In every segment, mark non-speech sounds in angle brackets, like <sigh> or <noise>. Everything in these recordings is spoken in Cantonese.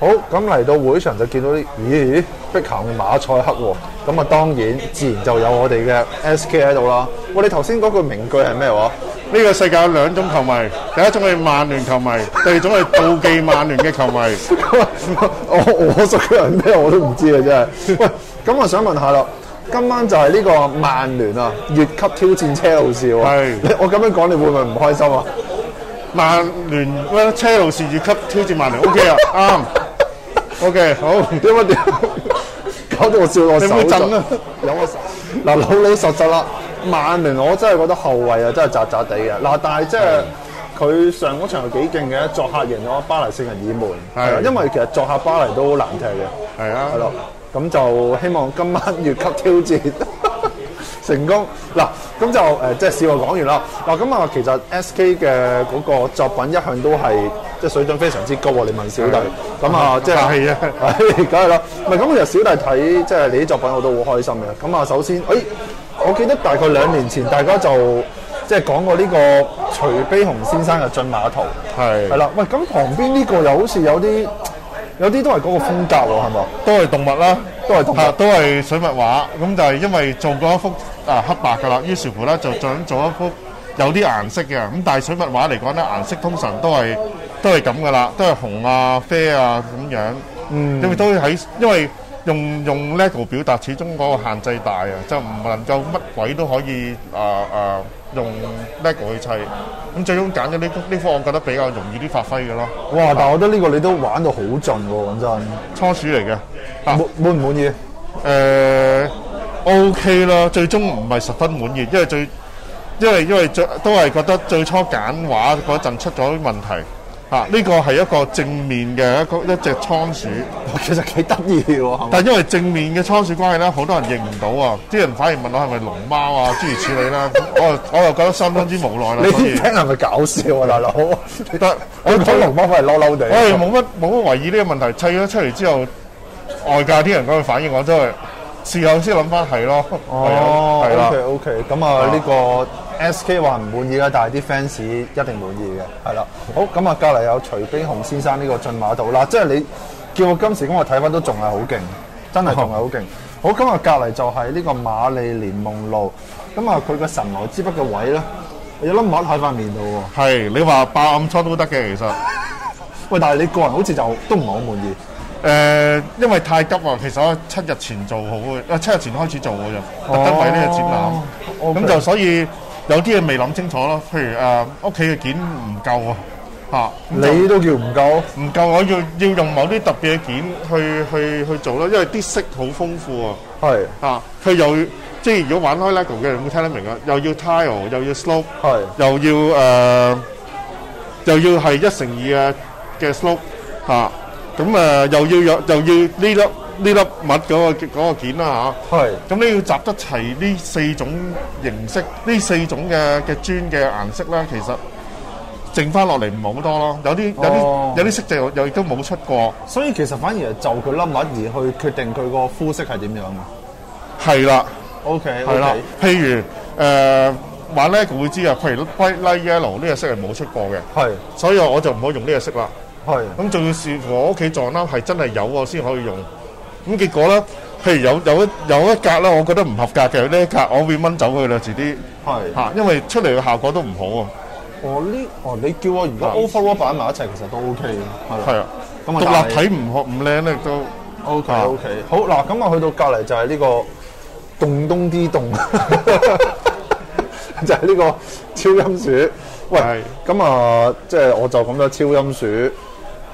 好，咁嚟到會場就見到啲咦，碧咸嘅馬賽克喎，咁啊當然自然就有我哋嘅 SK 喺度啦。我哋頭先嗰句名句係咩話？呢個世界有兩種球迷，第一種係曼聯球迷，第二種係妒忌曼聯嘅球迷。 <laughs> 我我，我屬嘅人咩我都唔知啊！真係。喂，咁我想問下啦，今晚就係呢個曼聯啊，越級挑戰車路士喎。係。我咁樣講你會唔會唔開心啊？曼聯車車路士越級挑戰曼聯？O K 啊，啱，OK。 <laughs> 嗯 O、okay, K，好，點啊點？搞 <laughs> 到我笑我手有有震啊！有我手。嗱，老老實實啦，曼聯我真係覺得後衞啊，真係渣渣地嘅。嗱，但係即係佢上嗰場又幾勁嘅，作客贏咗巴黎聖日耳門。係啊，因為其實作客巴黎都好難踢嘅。係啊，係咯。咁就希望今晚越級挑戰成功。嗱，咁就即係笑我講完啦。嗱，咁啊其實 S K 嘅嗰個作品一向都係。即係水準非常之高啊！你問小弟咁啊，即係係啊，梗係啦。唔係咁， <laughs> 其實小弟睇即係你啲作品，我都好開心嘅。咁啊，首先，誒、欸，我記得大概兩年前，大家就即係、就是、講過呢個徐悲鴻先生嘅《駿馬圖》，係係啦。喂，咁旁邊呢個又好似有啲有啲都係嗰個風格喎，係咪？都係動物啦，都係動物，啊、都係水墨畫。咁就係因為做過一幅啊、呃、黑白㗎啦，於是乎咧就想做一幅有啲顏色嘅。咁但係水墨畫嚟講咧，顏色通常都係。都係咁噶啦，都係紅啊、啡啊咁樣。嗯，因為都喺，因為用用 Lego 表達，始終嗰個限制大啊，就唔能夠乜鬼都可以啊啊用 Lego 去砌。咁最終揀咗呢呢幅，我覺得比較容易啲發揮嘅咯。哇！但係我覺得呢個你都玩到好盡喎，講真。超鼠嚟嘅，滿滿唔滿意？誒，OK 啦。最終唔係十分滿意，因為最因為因為最都係覺得最初揀畫嗰陣出咗啲問題。啊！呢、這個係一個正面嘅一個一隻倉鼠，其實幾得意喎。但係因為正面嘅倉鼠關係咧，好多人認唔到啊！啲人反而問我係咪龍貓啊，諸如此類啦。我我又覺得相當之無奈啦。 <laughs> 你聽係咪搞笑啊，大佬？我我覺得我講龍貓係嬲嬲地。我冇乜冇乜懷疑呢個問題，砌咗出嚟之後，外界啲人嗰個反應我，我真係事後先諗翻係咯。哦， <laughs> 係、啊、啦，OK，咁、okay, 啊呢、啊這個。SK 話唔滿意啦，但係啲 fans 一定滿意嘅，係啦。好咁啊，隔離有徐悲鴻先生呢個駿馬圖啦，即係你叫我今時今日睇翻都仲係好勁，真係仲係好勁。Uh-huh. 好，咁我隔離就係呢個瑪麗蓮夢露，咁啊佢個神來之筆嘅位咧，有粒癦喺塊面度喎。係你話爆暗瘡都得嘅，其實。 <laughs> 喂，但係你個人好似就都唔係好滿意。誒、呃，因為太急啊，其實我七日前做好七日前開始做嘅就，特登為呢個展覽，咁、oh, okay. 就所以。有啲嘢未諗清楚咯，譬如誒屋企嘅件唔夠喎，嚇！你都叫唔夠？唔夠，我要要用某啲特別嘅件去去去做咯，因為啲色好豐富喎。係嚇，佢又即係如果玩開 LEGO 嘅，你會聽得明啊？又要 tile，又要 slope，又要誒，又要係一乘二嘅 slope 嚇，咁誒，又要又又要呢粒。呢粒物嗰、嗰個件啦吓，係咁你要集得齊呢四種形式，呢四種嘅嘅磚嘅顏色啦，其實剩翻落嚟唔好多咯，有啲、哦、有啲有啲色就又亦都冇出過，所以其實反而係就佢粒物而去決定佢個膚色係點樣嘅。係啦，OK，係啦、okay，譬如誒，瓦勒古會知啊，譬如 Bright Light Yellow 呢隻色係冇出過嘅，係，所以我就唔好用呢隻色啦，係，咁仲要視乎我屋企撞粒係真係有我先可以用。咁結果咧，譬如有有一有一格咧，我覺得唔合格嘅呢一格我，我會掹走佢啦，遲啲嚇，因為出嚟嘅效果都唔好喎、啊。哦，呢哦，你叫我如果 overwork 擺埋一齊，其實都 OK 嘅，係啊。咁啊，獨立體唔唔靚咧，都 OK OK。好嗱，咁啊，去到隔離就係呢、這個洞冬啲洞， <laughs> 就係呢個超音鼠。 <laughs> <laughs> 喂，咁啊，即、就、係、是、我就講咗超音鼠，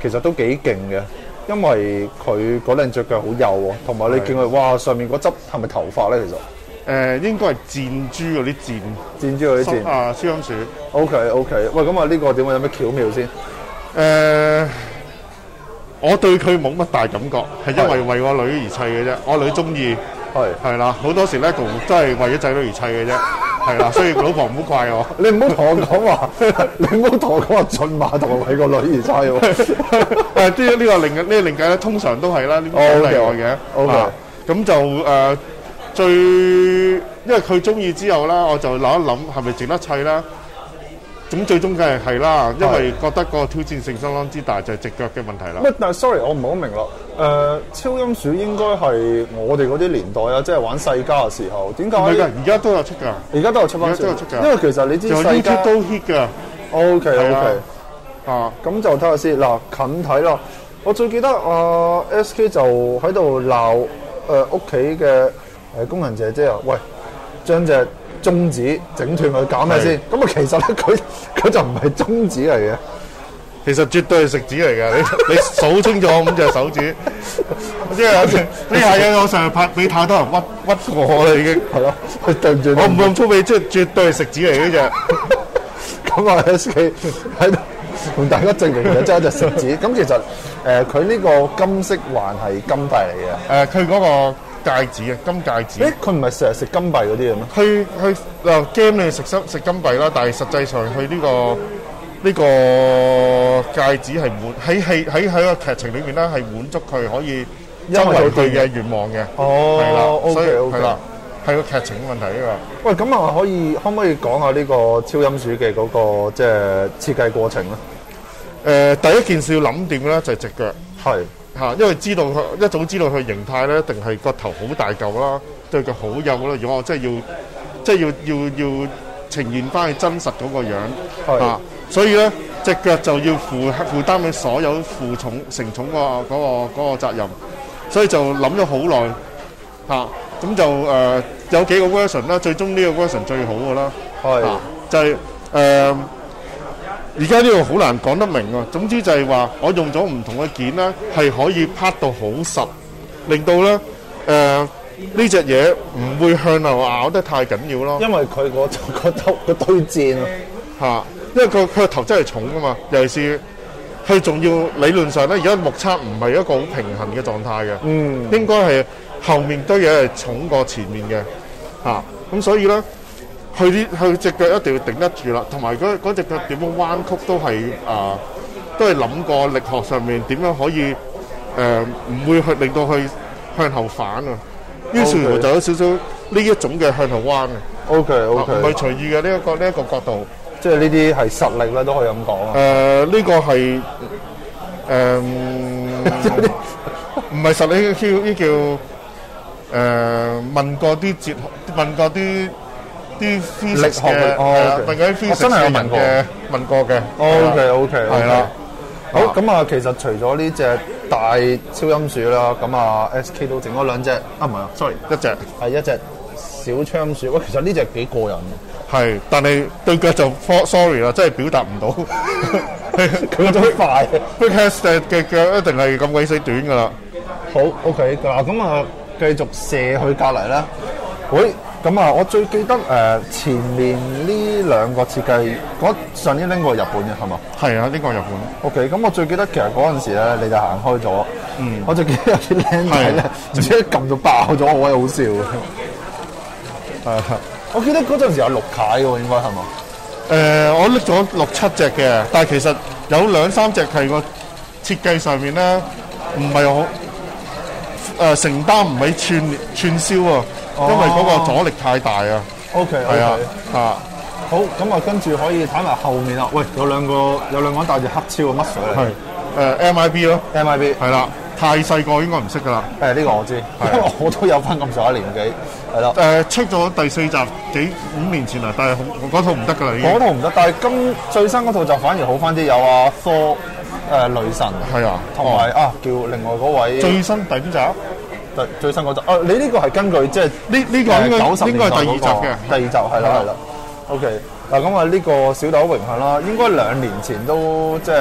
其實都幾勁嘅。因為佢嗰兩隻腳好幼喎，同埋你見佢，哇，上面嗰執係咪頭髮咧？其實誒應該係箭豬嗰啲箭，箭豬嗰啲箭啊，松鼠。OK OK，喂咁啊，呢個點會有咩巧妙先？誒、呃，我對佢冇乜大感覺，係因為為我女而砌嘅啫。我女中意係係啦，好多時咧都真係為咗仔女而砌嘅啫。係 <laughs> 啦，所以老婆唔好怪我， <laughs> 你唔好同我講話， <laughs> 你唔好同我講話，駿馬同係、 <laughs> <laughs> 啊，這個女而差喎。誒、這個，即、這、係、個、呢個另，呢個另解咧，通常都係啦，呢個好例外嘅。O K，咁就誒、呃，最因為佢中意之後咧，我就諗一諗係咪值得砌啦？咁最終嘅係係啦，因為覺得個挑戰性相當之大，就係、是、直腳嘅問題啦。但係 sorry，我唔係好明喇。誒、呃，超音鼠應該係我哋嗰啲年代啊，即、就、係、是、玩世嘉嘅時候，點解唔係㗎？而家都有出㗎，而家都有出翻少少，都有出㗎。因為其實你知世嘉都 hit 㗎。O K O K 啊，咁、OK, uh, 就睇下先。嗱近睇啦，我最記得啊 S K 就喺度鬧屋企嘅工人姐姐啊，喂，將隻。中指整斷佢搞咩先？咁啊，其實咧佢佢就唔係中指嚟嘅，其實絕對係食指嚟嘅。你你數清楚咁隻手指，即係呢下嘢我成日拍俾太多人屈屈過我啦，已經係咯。對唔住，我唔咁粗鄙，即 <laughs> 係絕對係食指嚟嘅啫。隻。 <laughs> 咁我喺度同大家證明嘅即係一隻食指。咁 <laughs> 其實誒，佢、呃、呢個金色環係金幣嚟嘅。誒、呃，佢嗰、嗰個。戒指啊，金戒指。誒，佢唔係成日食金幣嗰啲嘅咩？去去，啊 game 你食金食金幣啦，但係實際上去呢個呢個戒指係滿喺戲喺喺個劇情裏面咧係滿足佢可以，因為佢嘅願望嘅。哦，O K O K，係個劇情嘅問題嚟㗎。喂，咁啊可以可唔可以講下呢個超音鼠嘅嗰個即係設計過程咧？誒，第一件事要諗掂咧就係隻腳。係。嚇，因為知道佢一早知道佢形態咧，一定係個頭好大嚿啦，對佢好幼啦，樣我即係要即係、就是、要要要呈現翻佢真實嗰個樣嚇、啊，所以咧隻腳就要負負擔起所有負重承重嗰、那個嗰、那個那個責任，所以就諗咗好耐嚇，咁、啊、就誒、呃、有幾個 version 啦，最終呢個 version 最好噶啦，係、啊、就係、是、誒。呃而家呢個好難講得明白啊！總之就係話，我用咗唔同嘅件咧，係可以拍到好實，令到咧誒呢隻嘢唔會向後咬得太緊要咯。因為佢個個頭個堆箭啊，嚇！因為佢佢個頭真係重㗎嘛，尤其是佢仲要理論上咧，而家目測唔係一個好平衡嘅狀態嘅，嗯，應該係後面堆嘢係重過前面嘅，嚇、啊！咁所以咧。佢啲佢隻腳一定要頂得住啦，同埋嗰嗰隻腳點樣彎曲都係啊，都係諗過力學上面點樣可以誒唔會去令到佢向後反啊。於是就有少少呢一種嘅向後彎嘅。OK OK，唔係隨意嘅呢一個呢一個角度，即係呢啲係實力啦，都可以咁講啊。誒呢個係誒唔係實力嘅 Q 呢叫誒問過啲哲學問過啲。啲飛食嘅係啊，真係有聞過嘅，聞過嘅。O K O K。係啦。好，咁啊，其實除咗呢隻大超音鼠啦，咁啊 S K 都整咗兩隻。啊唔係，sorry，一隻係一隻小倉鼠。喂，其實呢隻幾過癮嘅，係，但係對腳就，sorry 啦，真係表達唔到，佢都快，佢隻腳一定係咁鬼死短㗎啦。好，O K 嗱，咁啊，繼續射去隔籬啦。喂！咁啊！我最記得誒、呃、前面呢兩個設計，嗰上年拎過日本嘅係嘛？係啊，拎、呢個日本。OK，咁我最記得其實嗰陣時咧，你就行開咗。嗯。我就記得有啲僆仔咧，唔知撳到爆咗、嗯，好鬼好笑嘅。 <laughs> uh, 我記得嗰陣時候有六楷喎、哦，應該係嘛？誒、呃，我拎咗六七隻嘅，但係其實有兩三隻係個系設計上面咧，唔係好誒承擔唔係串串銷啊。因為嗰個阻力太大 okay, 啊！OK，係啊，好。咁啊，跟住可以睇埋後面啊！喂，有兩個有兩個人戴住黑超嘅乜水啊？MIB 咯，MIB 係啦、啊，太細個應該唔識噶啦。誒、呃，呢、呢個我知、啊，因為我都有翻咁上下年紀，係啦誒，出、呃、咗第四集幾五年前啊，但係嗰套唔得噶啦。嗰套唔得，但係今最新嗰套就反而好翻啲，有阿科誒女神係啊，同埋、哦、啊叫另外嗰位最新第五集？最新嗰集、啊，你呢個係根據即係呢呢個應該、那個、應該第二集嘅、那個，第二集係啦係啦。OK，嗱咁啊呢個小豆榮幸啦，應該兩年前都即係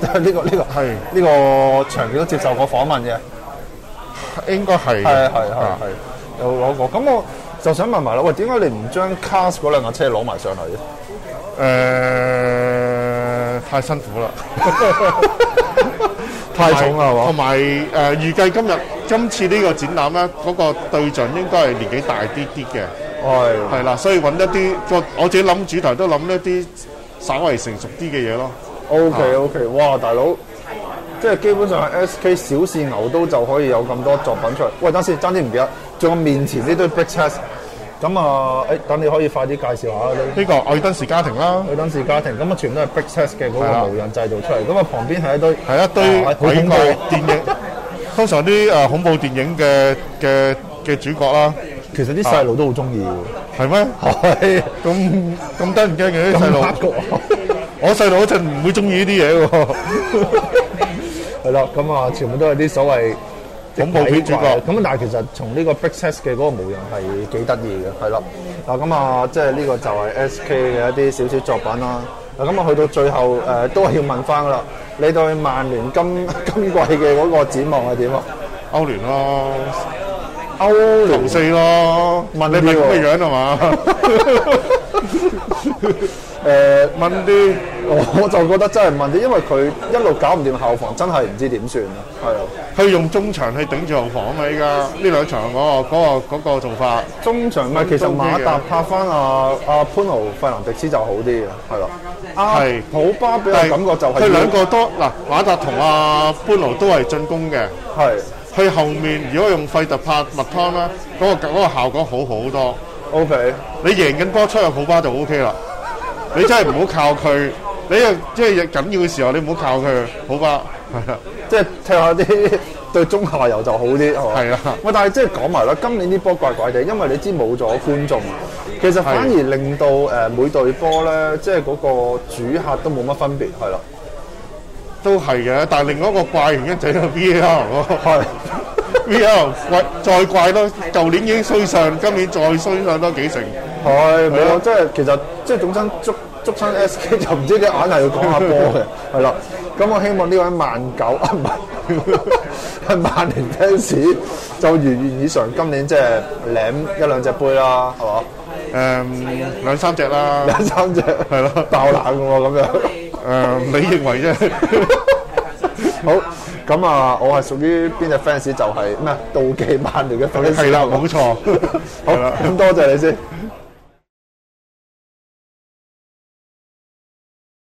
呢、這個呢、這個係呢、這個長期都接受過訪問嘅，應該係係係係係又攞過。咁我就想問埋啦，喂點解你唔將 Cars 嗰兩架車攞埋上嚟？誒。太辛苦啦， <laughs> 太重啦，係嘛？同埋誒，預計今日今次呢個展覽咧，嗰個對象應該係年紀大啲啲嘅，係係啦，所以揾一啲個我自己諗主題都諗一啲稍為成熟啲嘅嘢咯。OK OK，哇大佬，即係基本上係 SK 小試牛刀就可以有咁多作品出嚟。喂，等先爭啲唔記得，仲有面前呢堆 pictures。咁啊、哎，等你可以快啲介紹下呢、這個愛登士家庭啦，愛登士家庭，咁啊全部都係 Big Test 嘅嗰個模人製造出嚟。咁啊，旁邊係一堆係一堆、啊一堆、啊、一堆 <laughs> 一恐怖電影，通常啲恐怖電影嘅嘅嘅主角啦。其實啲細路都好中意喎，係、啊、咩？係。咁咁得唔驚嘅啲細路？ <laughs> <laughs> <laughs> <laughs> 我細路嗰陣唔會中意呢啲嘢喎，係 <laughs> 啦， <laughs> <laughs> 咁啊，全部都係啲所謂。恐怖片主角，咁但係其實從呢個 Big Test 嘅嗰個模樣係幾得意嘅，係咯。咁啊、呃，即係呢個就係 SK 嘅一啲小少作品啦。咁、呃、啊，去到最後誒、呃、都係要問翻啦。你對曼聯今今季嘅嗰個展望係點啊？歐聯咯，歐聯四咯。問你咩樣啊嘛？誒、 <laughs> 呃、問啲。 <laughs> 我就覺得真係問啲，因為佢一路搞唔掂後防，真係唔知點算啊！係啊，佢用中場去頂住後防啊！依家呢兩場嗰、那個嗰嗰、那個那個、做法，中場唔係其實馬達拍翻阿阿潘奴費南迪斯就好啲啊！係咯，係、啊啊啊、普巴俾我感覺就係、是、佢兩個多嗱、啊，馬達同阿潘奴都係進攻嘅。係，佢後面如果用費特拍麥湯呢，嗰、那個那個效果好好多。OK，你贏緊波出去普巴就 OK 啦。你真係唔好靠佢。 <laughs> 你啊，即係緊要嘅時候，你唔好靠佢，好吧，係啊，即係踢下啲對中下游就好啲，係嘛？係但係即係講埋啦，今年啲波怪怪哋，因為你知冇咗觀眾，其實反而令到誒每隊波咧，即係嗰個主客都冇乜分別，係咯，都係嘅。但係另外一個怪原因整係 VAR 咯，VAR 貴再怪都，舊年已經衰上，今年再衰上都幾成，係係即係其實即係、就是、總身足。捉親 SK 就唔知隻眼係要講下波嘅，係 <laughs> 啦。咁我希望呢位是曼九啊，唔係，曼聯 fans 就如願以償，今年即係攬一兩隻杯啦，係嘛？誒、嗯、兩三隻啦，兩三隻係咯，爆冷嘅喎咁樣。誒、呃，你認為啫？ <laughs> 好，咁啊，我係屬於邊隻 fans 就係、是、咩？係妒忌曼聯嘅 fans 係啦，冇 <laughs> 沒錯。 <laughs> 好，咁多謝你先。